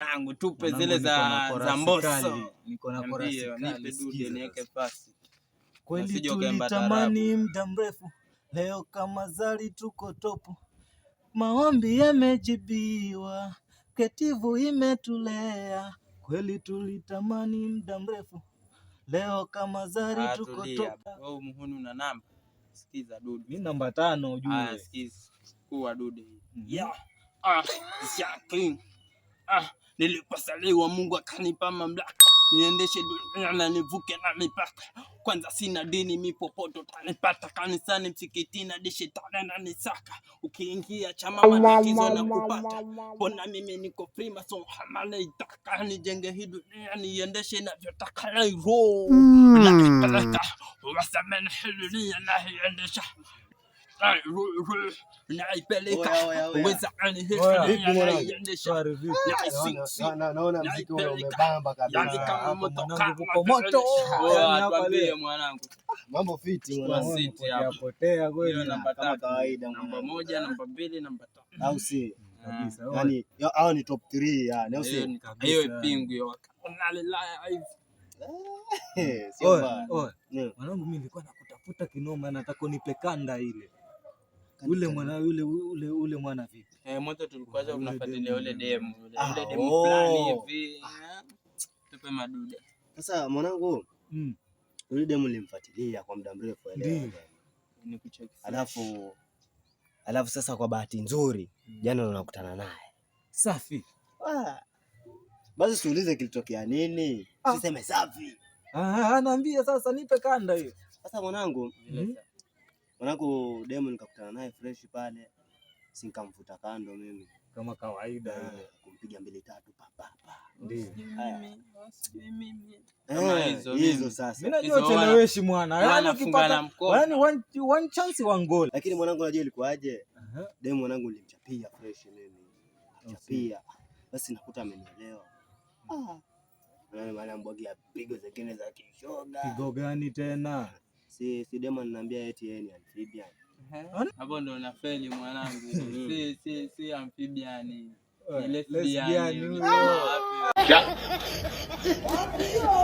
yangu tupe zile za za mboso, niko na korasi, nipe dude niweke pasi. Kweli tulitamani muda mrefu, leo kama zari tuko topu, maombi yamejibiwa, ketivu imetulea. Kweli tulitamani muda mrefu, leo kama zari ah, tuko topu. Wewe muhuni una namba? Sikiza dude, mimi namba tano ujue. Mhm. Ah, sikiza kuwa dude. Yeah. Ah, sikia king. Ah nilipozaliwa Mungu akanipa mamlaka niendeshe dunia na nivuke na mipaka. Kwanza sina dini, mipopoto tanipata kanisani, msikitini hadi shetani nanisaka. Ukiingia chama matatizo na kupata pona. Mimi niko prima so hama naitaka nijenge hii dunia niendeshe navyotaka, nairo yaani mm. nakipeleka wasamene hii dunia nahiendesha naipeleka uweza naona mambo fiti yapotea kweli, kama kawaida. Namba moja, namba mbili, namba tatu, au si yani? Hao ni top 3 yani, au si? Hiyo ipingu hiyo mwanangu, mimi nilikuwa nakutafuta kinoma, nataka unipe kanda ile ule mwana ule ule ule mwana vipi? Eh, mwanzo tulikuwa tunafuatilia ule demu, yule demu ah, oh. fulani hivi. Ah, tupe maduda. Sasa mwanangu, mm. ule demu nilimfuatilia kwa muda mrefu elewa. Alafu alafu sasa kwa bahati nzuri mm, jana unakutana naye. Safi. Ah. Basi siulize kilitokea nini? Ah. Siseme safi. Ah, anaambia ah, sasa nipe kanda hiyo. Sasa mwanangu, mm. Mwanangu demo nikakutana naye fresh pale, si nikamfuta kando mimi kama kawaida eh, ile kumpiga mbili tatu pa pa pa. Ndio. Eh, hizo hizo sasa. Mimi najua cheleweshi mwana. Yaani ukipata yaani one one chance one goal. Lakini mwanangu unajua ilikuwaje? Demo mwanangu nilimchapia fresh mimi. Chapia. Basi nakuta amenielewa. Ah. Maana mbwagia pigo zingine za kishoga. Pigo gani tena? si, si demo ananiambia eti yeye ni amphibian. Hapo ndo unafeli mwanangu, mm. si si si amphibian ni eh, lesbian. Mm.